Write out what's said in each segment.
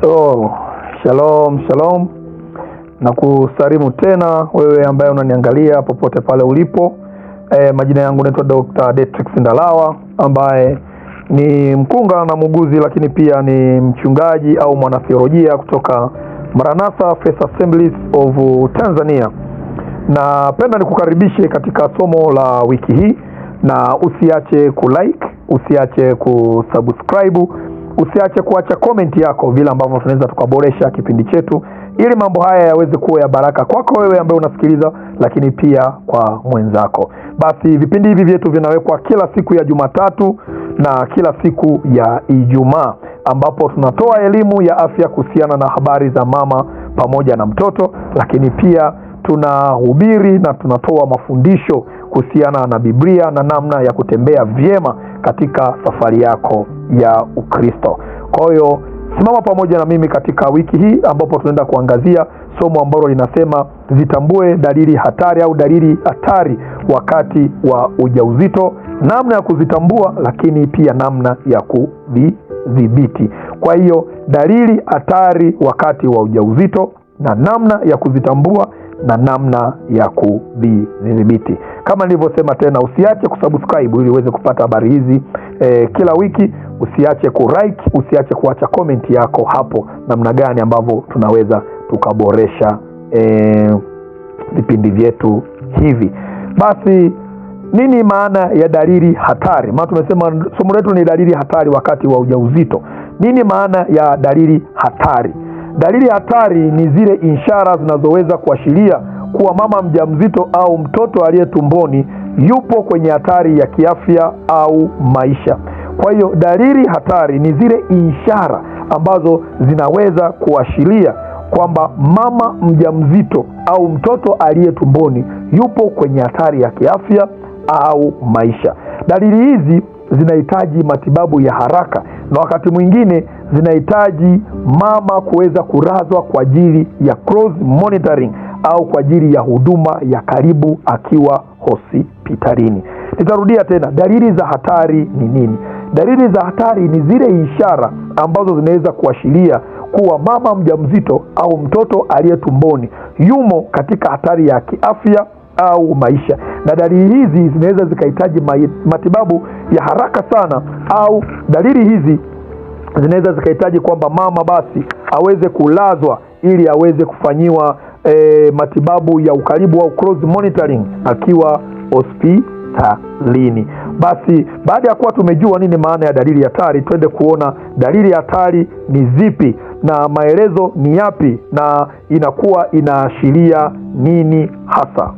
Oh, shalom shalom, na kusalimu tena wewe ambaye unaniangalia popote pale ulipo. E, majina yangu naitwa Dr. Detrix Ndalawa ambaye ni mkunga na muuguzi, lakini pia ni mchungaji au mwanatheolojia kutoka Maranatha Faith Assemblies of Tanzania. Napenda nikukaribishe katika somo la wiki hii, na usiache kulike, usiache kusubscribe usiache kuacha komenti yako vile ambavyo tunaweza tukaboresha kipindi chetu ili mambo haya yaweze kuwa ya baraka kwako wewe ambaye unasikiliza, lakini pia kwa mwenzako. Basi vipindi hivi vyetu vinawekwa kila siku ya Jumatatu na kila siku ya Ijumaa, ambapo tunatoa elimu ya afya kuhusiana na habari za mama pamoja na mtoto, lakini pia tunahubiri na tunatoa mafundisho kuhusiana na Biblia na namna ya kutembea vyema katika safari yako ya Ukristo. Kwa hiyo simama pamoja na mimi katika wiki hii ambapo tunaenda kuangazia somo ambalo linasema zitambue dalili hatari au dalili hatari wakati wa ujauzito, namna ya kuzitambua, lakini pia namna ya kudhibiti. Kwa hiyo dalili hatari wakati wa ujauzito na namna ya kuzitambua na namna ya kudhibiti. Kama nilivyosema tena, usiache kusubscribe ili uweze kupata habari hizi eh, kila wiki usiache kulike, usiache kuacha komenti yako hapo, namna gani ambavyo tunaweza tukaboresha eh, vipindi e, vyetu hivi. Basi nini maana ya dalili hatari? Maana tumesema somo letu ni dalili hatari wakati wa ujauzito. Nini maana ya dalili hatari? Dalili hatari ni zile ishara zinazoweza kuashiria kuwa mama mjamzito au mtoto aliye tumboni yupo kwenye hatari ya kiafya au maisha. Kwa hiyo dalili hatari ni zile ishara ambazo zinaweza kuashiria kwamba mama mjamzito au mtoto aliye tumboni yupo kwenye hatari ya kiafya au maisha. Dalili hizi zinahitaji matibabu ya haraka na wakati mwingine zinahitaji mama kuweza kulazwa kwa ajili ya close monitoring au kwa ajili ya huduma ya karibu akiwa hospitalini. Nitarudia tena, dalili za hatari ni nini? Dalili za hatari ni zile ishara ambazo zinaweza kuashiria kuwa mama mjamzito au mtoto aliye tumboni yumo katika hatari ya kiafya au maisha, na dalili hizi zinaweza zikahitaji matibabu ya haraka sana, au dalili hizi zinaweza zikahitaji kwamba mama basi aweze kulazwa ili aweze kufanyiwa e, matibabu ya ukaribu au close monitoring akiwa hospitalini. Basi baada ya kuwa tumejua nini maana ya dalili hatari, twende kuona dalili hatari ni zipi na maelezo ni yapi na inakuwa inaashiria nini hasa.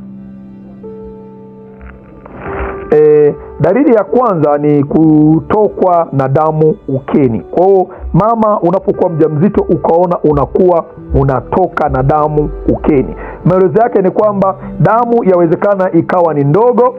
E, dalili ya kwanza ni kutokwa na damu ukeni. Kwa hiyo mama, unapokuwa mjamzito ukaona unakuwa unatoka na damu ukeni, maelezo yake ni kwamba damu yawezekana ikawa ni ndogo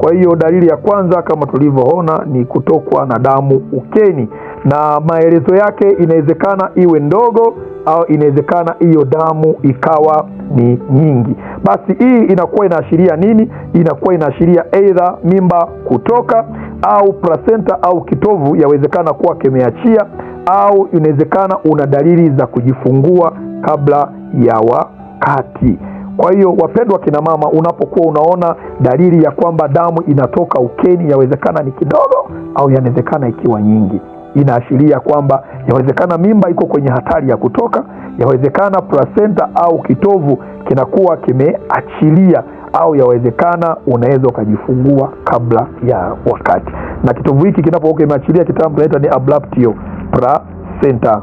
kwa hiyo dalili ya kwanza kama tulivyoona ni kutokwa na damu ukeni, na maelezo yake inawezekana iwe ndogo au inawezekana hiyo damu ikawa ni nyingi. Basi hii inakuwa inaashiria nini? Inakuwa inaashiria aidha mimba kutoka au placenta au kitovu yawezekana kuwa kimeachia, au inawezekana una dalili za kujifungua kabla ya wakati. Kwa hiyo wapendwa kina mama, unapokuwa unaona dalili ya kwamba damu inatoka ukeni, yawezekana ni kidogo au yanawezekana ikiwa nyingi, inaashiria kwamba yawezekana mimba iko kwenye hatari ya kutoka, yawezekana placenta au kitovu kinakuwa kimeachilia au yawezekana unaweza ukajifungua kabla ya wakati. Na kitovu hiki kinapokuwa kimeachilia, kitaalamu tunaita ni abruptio placenta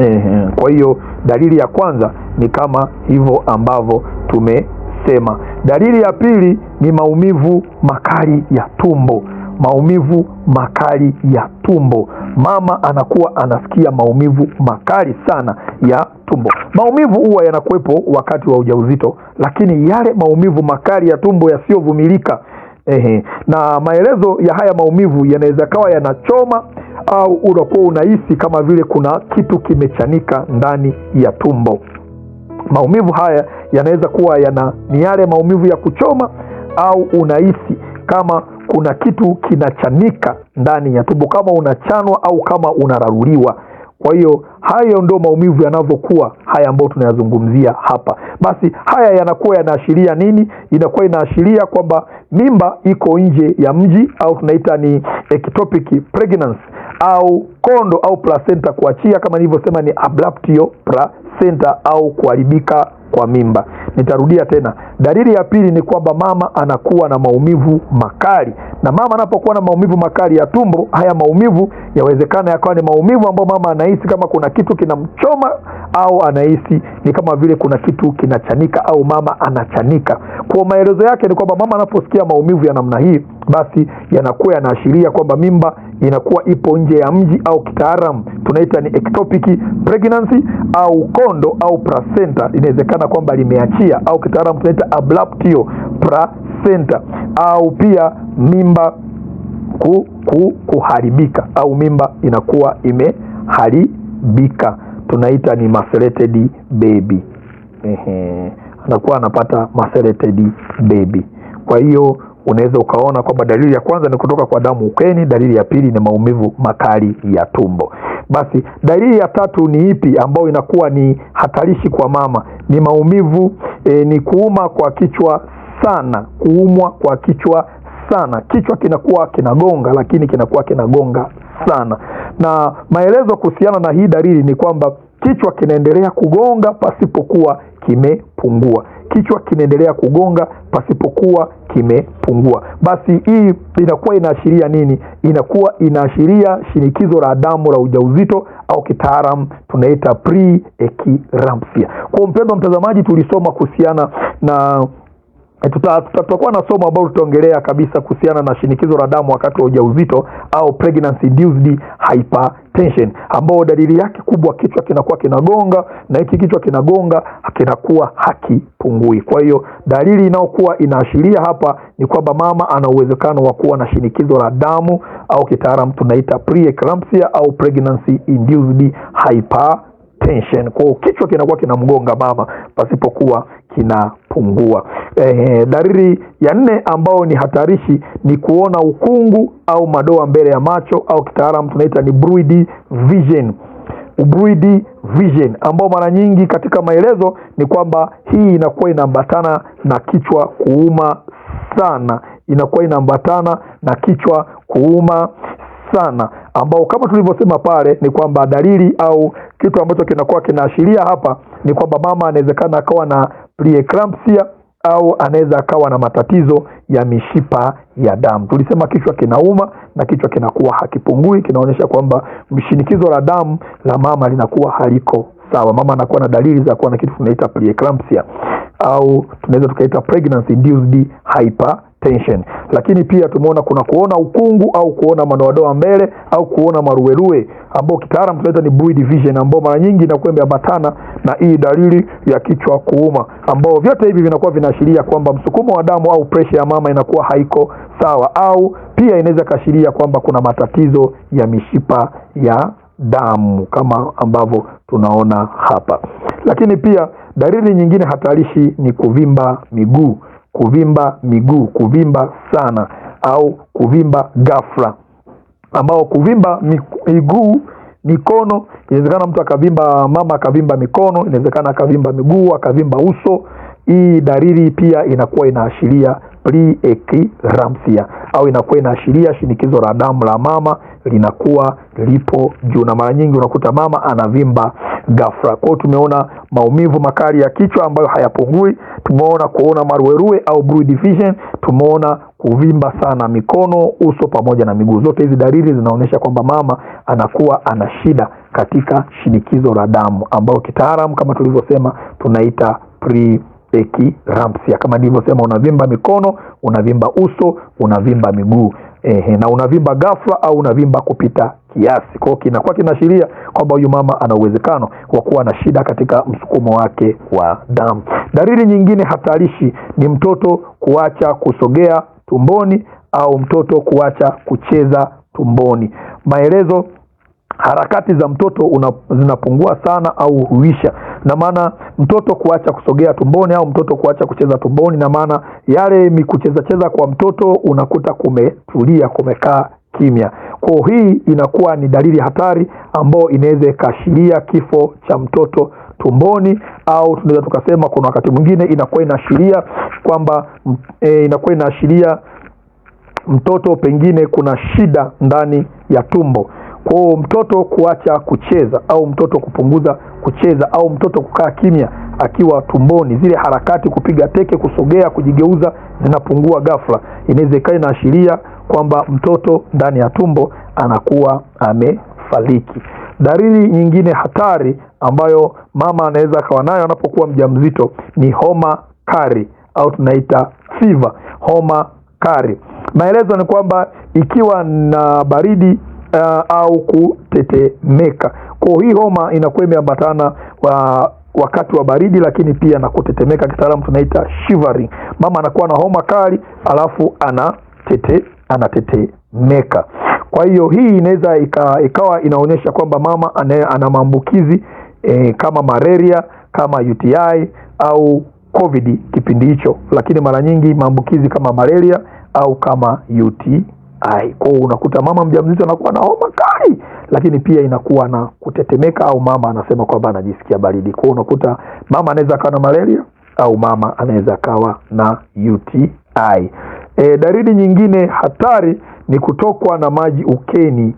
eh. Kwa hiyo dalili ya kwanza ni kama hivyo ambavyo tumesema. Dalili ya pili ni maumivu makali ya tumbo maumivu makali ya tumbo. Mama anakuwa anasikia maumivu makali sana ya tumbo. Maumivu huwa yanakuwepo wakati wa ujauzito, lakini yale maumivu makali ya tumbo yasiyovumilika Ehe. Na maelezo ya haya maumivu yanaweza kawa yanachoma au unakuwa unahisi kama vile kuna kitu kimechanika ndani ya tumbo. Maumivu haya yanaweza kuwa yana miale maumivu ya kuchoma au unahisi kama kuna kitu kinachanika ndani ya tumbo, kama unachanwa au kama unararuliwa. Kwa hiyo hayo ndo maumivu yanavyokuwa haya ambayo tunayazungumzia hapa. Basi haya yanakuwa yanaashiria nini? Inakuwa inaashiria kwamba mimba iko nje ya mji, au tunaita ni ectopic pregnancy, au kondo au placenta kuachia, kama nilivyosema ni ablaptio placenta, au kuharibika kwa mimba. Nitarudia tena, dalili ya pili ni kwamba mama anakuwa na maumivu makali, na mama anapokuwa na maumivu makali ya tumbo, haya maumivu yawezekana yakawa ni maumivu ambayo mama anahisi kama kuna kitu kinamchoma au anahisi ni kama vile kuna kitu kinachanika au mama anachanika. Kwa maelezo yake ni kwamba mama anaposikia maumivu ya namna hii, basi yanakuwa yanaashiria kwamba mimba inakuwa ipo nje ya mji au kitaalam tunaita ni ectopic pregnancy au kondo au placenta inawezekana kwamba limeachia pia au kitaalamu tunaita ablaptio placenta au pia mimba ku, ku, kuharibika au mimba inakuwa imeharibika, tunaita ni macerated baby. Ehe, anakuwa anapata macerated baby. Kwa hiyo unaweza ukaona kwamba dalili ya kwanza ni kutoka kwa damu ukeni, dalili ya pili ni maumivu makali ya tumbo. Basi dalili ya tatu ni ipi ambayo inakuwa ni hatarishi kwa mama? Ni maumivu e, ni kuuma kwa kichwa sana, kuumwa kwa kichwa sana. Kichwa kinakuwa kinagonga, lakini kinakuwa kinagonga sana. Na maelezo kuhusiana na hii dalili ni kwamba Kichwa kinaendelea kugonga pasipokuwa kimepungua, kichwa kinaendelea kugonga pasipokuwa kimepungua. Basi hii inakuwa inaashiria nini? Inakuwa inaashiria shinikizo la damu la ujauzito au kitaalamu tunaita pre-eclampsia. Kwa mpendwa mtazamaji, tulisoma kuhusiana na Eh, tutakuwa na somo ambalo tutaongelea kabisa kuhusiana na shinikizo la damu wakati wa ujauzito au pregnancy induced hypertension, ambao dalili yake kubwa kichwa kinakuwa kinagonga, na hiki kichwa kinagonga kinakuwa hakipungui. Kwa hiyo dalili inayokuwa inaashiria hapa ni kwamba mama ana uwezekano wa kuwa na shinikizo la damu au kitaalamu tunaita preeclampsia au pregnancy induced hypertension tension, kwa kichwa kinakuwa kinamgonga mama pasipokuwa kinapungua. Eh, dalili ya nne ambayo ni hatarishi ni kuona ukungu au madoa mbele ya macho au kitaalamu tunaita ni blurred vision Blurred vision ambao mara nyingi katika maelezo ni kwamba hii inakuwa inaambatana na kichwa kuuma sana, inakuwa inaambatana na kichwa kuuma sana, ambao kama tulivyosema pale ni kwamba dalili au kitu ambacho kinakuwa kinaashiria hapa ni kwamba mama anawezekana akawa na preeclampsia au anaweza akawa na matatizo ya mishipa ya damu. Tulisema kichwa kinauma na kichwa kinakuwa hakipungui, kinaonyesha kwamba mshinikizo la damu la mama linakuwa haliko sawa. Mama anakuwa na dalili za kuwa na kitu tunaita preeclampsia au tunaweza tukaita pregnancy induced hyper tension. Lakini pia tumeona kuna kuona ukungu au kuona madoadoa mbele au kuona maruerue ambao kitaalam tunaita ni blurred vision, ambao mara nyingi inakuwa imeambatana na hii dalili ya kichwa kuuma, ambao vyote hivi vinakuwa vinaashiria kwamba msukumo wa damu au pressure ya mama inakuwa haiko sawa, au pia inaweza kashiria kwamba kuna matatizo ya mishipa ya damu kama ambavyo tunaona hapa. Lakini pia dalili nyingine hatarishi ni kuvimba miguu kuvimba miguu, kuvimba sana au kuvimba ghafla, ambao kuvimba miguu mikono, inawezekana mtu akavimba, mama akavimba mikono, inawezekana akavimba miguu, akavimba uso. Hii dalili pia inakuwa inaashiria preeclampsia au inakuwa inaashiria shinikizo la damu la mama linakuwa lipo juu, na mara nyingi unakuta mama anavimba ghafla. Kwa hiyo tumeona maumivu makali ya kichwa ambayo hayapungui, tumeona kuona maruerue au tumeona kuvimba sana mikono, uso pamoja na miguu. Zote hizi dalili zinaonyesha kwamba mama anakuwa ana shida katika shinikizo la damu ambayo kitaalamu kama tulivyosema tunaita pre ramsia kama nilivyosema, unavimba mikono, unavimba uso, unavimba miguu ehe, na unavimba ghafla au unavimba kupita kiasi. kwao kinakuwa kinaashiria kwamba huyu mama ana uwezekano wa kuwa na shida katika msukumo wake wa damu. Dalili nyingine hatarishi ni mtoto kuacha kusogea tumboni au mtoto kuacha kucheza tumboni. Maelezo harakati za mtoto una, zinapungua sana au huisha. Na maana mtoto kuacha kusogea tumboni au mtoto kuacha kucheza tumboni, na maana yale mikuchezacheza kwa mtoto unakuta kumetulia, kumekaa kimya. Kwa hii inakuwa ni dalili hatari ambayo inaweza ikaashiria kifo cha mtoto tumboni au tunaweza tukasema kuna wakati mwingine inakuwa inaashiria kwamba e, inakuwa inaashiria mtoto pengine kuna shida ndani ya tumbo. Kwa mtoto kuacha kucheza au mtoto kupunguza kucheza au mtoto kukaa kimya akiwa tumboni, zile harakati kupiga teke, kusogea, kujigeuza zinapungua ghafla, inaweza ikawa inaashiria kwamba mtoto ndani ya tumbo anakuwa amefariki. Dalili nyingine hatari ambayo mama anaweza akawa nayo anapokuwa mjamzito ni homa kali au tunaita fiva, homa kali. Maelezo ni kwamba ikiwa na baridi uh, au kutetemeka. Kwa hii homa inakuwa imeambatana wa wakati wa baridi, lakini pia na kutetemeka, kitaalamu tunaita shivering. Mama anakuwa na homa kali alafu anatete anatetemeka. Kwa hiyo hii inaweza ikawa inaonyesha kwamba mama ana maambukizi eh, kama malaria kama UTI au COVID kipindi hicho, lakini mara nyingi maambukizi kama malaria au kama UTI kwa unakuta mama mjamzito anakuwa na homa kali, lakini pia inakuwa na kutetemeka, au mama anasema kwamba anajisikia baridi. Kwa unakuta mama anaweza akawa na malaria au mama anaweza akawa na UTI. E, dalili nyingine hatari ni kutokwa na maji ukeni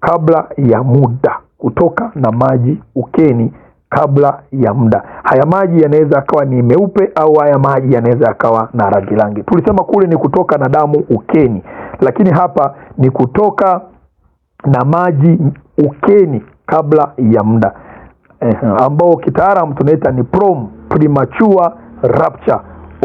kabla ya muda. Kutoka na maji ukeni kabla ya muda. Haya maji yanaweza akawa ni meupe au haya maji yanaweza akawa na rangi rangi. Tulisema kule ni kutoka na damu ukeni lakini hapa ni kutoka na maji ukeni kabla ya muda eh, ambao kitaalamu tunaita ni prom, premature rupture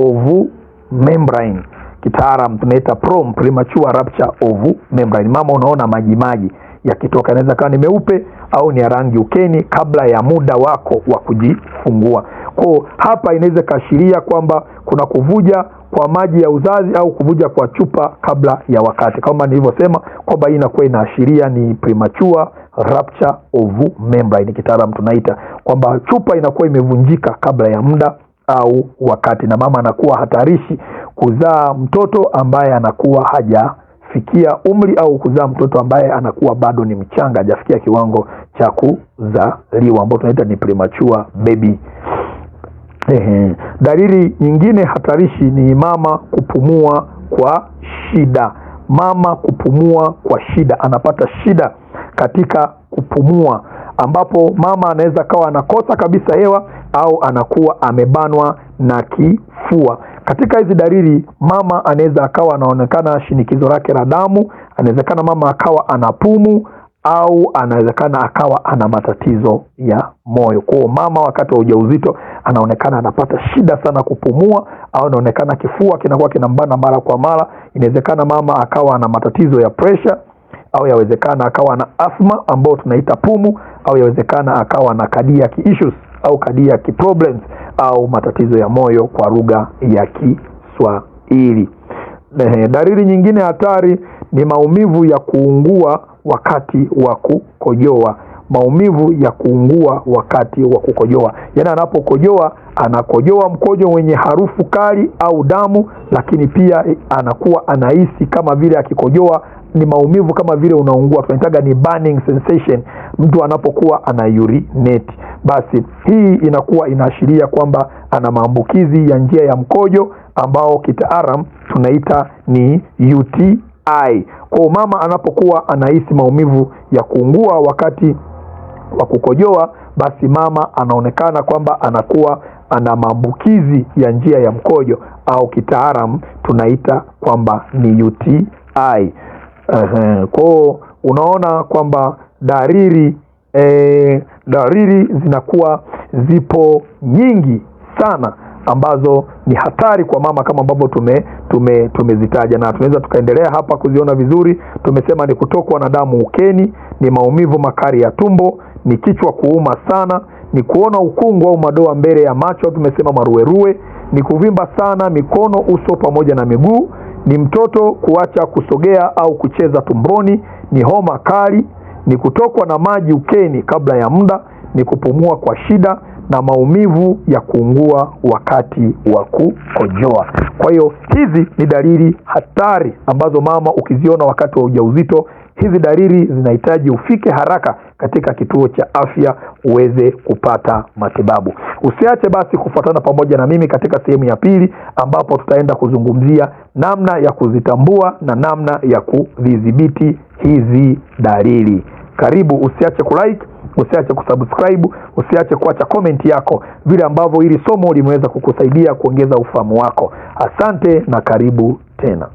of membrane. Kitaalamu tunaita prom, premature rupture of membrane. Mama unaona maji maji yakitoka, naweza kawa ni meupe au ni ya rangi ukeni kabla ya muda wako wa kujifungua. Kwa hapa inaweza ikaashiria kwamba kuna kuvuja kwa maji ya uzazi au kuvuja kwa chupa kabla ya wakati, kama nilivyosema kwamba hii inakuwa inaashiria ni premature rupture of membrane, kitaalamu tunaita kwamba chupa inakuwa imevunjika kabla ya muda au wakati, na mama anakuwa hatarishi kuzaa mtoto ambaye anakuwa haja kufikia umri au kuzaa mtoto ambaye anakuwa bado ni mchanga, hajafikia kiwango cha kuzaliwa, ambao tunaita ni premature baby. Ehe. Dalili nyingine hatarishi ni mama kupumua kwa shida. Mama kupumua kwa shida, anapata shida katika kupumua, ambapo mama anaweza kawa anakosa kabisa hewa au anakuwa amebanwa na kifua. Katika hizi dalili, mama anaweza akawa anaonekana shinikizo lake la damu, anawezekana mama akawa anapumu au anawezekana akawa ana matatizo ya moyo. Kwa mama wakati wa ujauzito anaonekana anapata shida sana kupumua, au anaonekana kifua kinakuwa kinambana mara kwa mara. Inawezekana mama akawa ana matatizo ya presha, au yawezekana akawa na asma ambayo tunaita pumu, au yawezekana akawa na cardiac issues au cardiac problems au matatizo ya moyo kwa lugha ya Kiswahili. Dalili nyingine hatari ni maumivu ya kuungua wakati wa kukojoa maumivu ya kuungua wakati wa kukojoa. Yaani anapokojoa anakojoa mkojo wenye harufu kali au damu, lakini pia anakuwa anahisi kama vile akikojoa ni maumivu kama vile unaungua, tunaitaga ni burning sensation mtu anapokuwa ana urinate. Basi hii inakuwa inaashiria kwamba ana maambukizi ya njia ya mkojo ambao kitaalam tunaita ni UTI. Kwa mama anapokuwa anahisi maumivu ya kuungua wakati wa kukojoa, basi mama anaonekana kwamba anakuwa ana maambukizi ya njia ya mkojo au kitaalam tunaita kwamba ni UTI. Uh-huh. Kwao unaona kwamba dalili e, dalili zinakuwa zipo nyingi sana ambazo ni hatari kwa mama kama ambavyo tume, tume, tumezitaja na tunaweza tukaendelea hapa kuziona vizuri. Tumesema ni kutokwa na damu ukeni, ni maumivu makali ya tumbo, ni kichwa kuuma sana, ni kuona ukungu au madoa mbele ya macho, tumesema maruerue, ni kuvimba sana mikono, uso pamoja na miguu, ni mtoto kuacha kusogea au kucheza tumboni, ni homa kali, ni kutokwa na maji ukeni kabla ya muda, ni kupumua kwa shida na maumivu ya kuungua wakati wa kukojoa. Kwa hiyo hizi ni dalili hatari ambazo mama ukiziona wakati wa ujauzito, hizi dalili zinahitaji ufike haraka katika kituo cha afya uweze kupata matibabu. Usiache basi kufuatana pamoja na mimi katika sehemu ya pili, ambapo tutaenda kuzungumzia namna ya kuzitambua na namna ya kuzidhibiti hizi dalili. Karibu, usiache kulike usiache kusubscribe, usiache kuacha komenti yako vile ambavyo hili somo limeweza kukusaidia kuongeza ufahamu wako. Asante na karibu tena.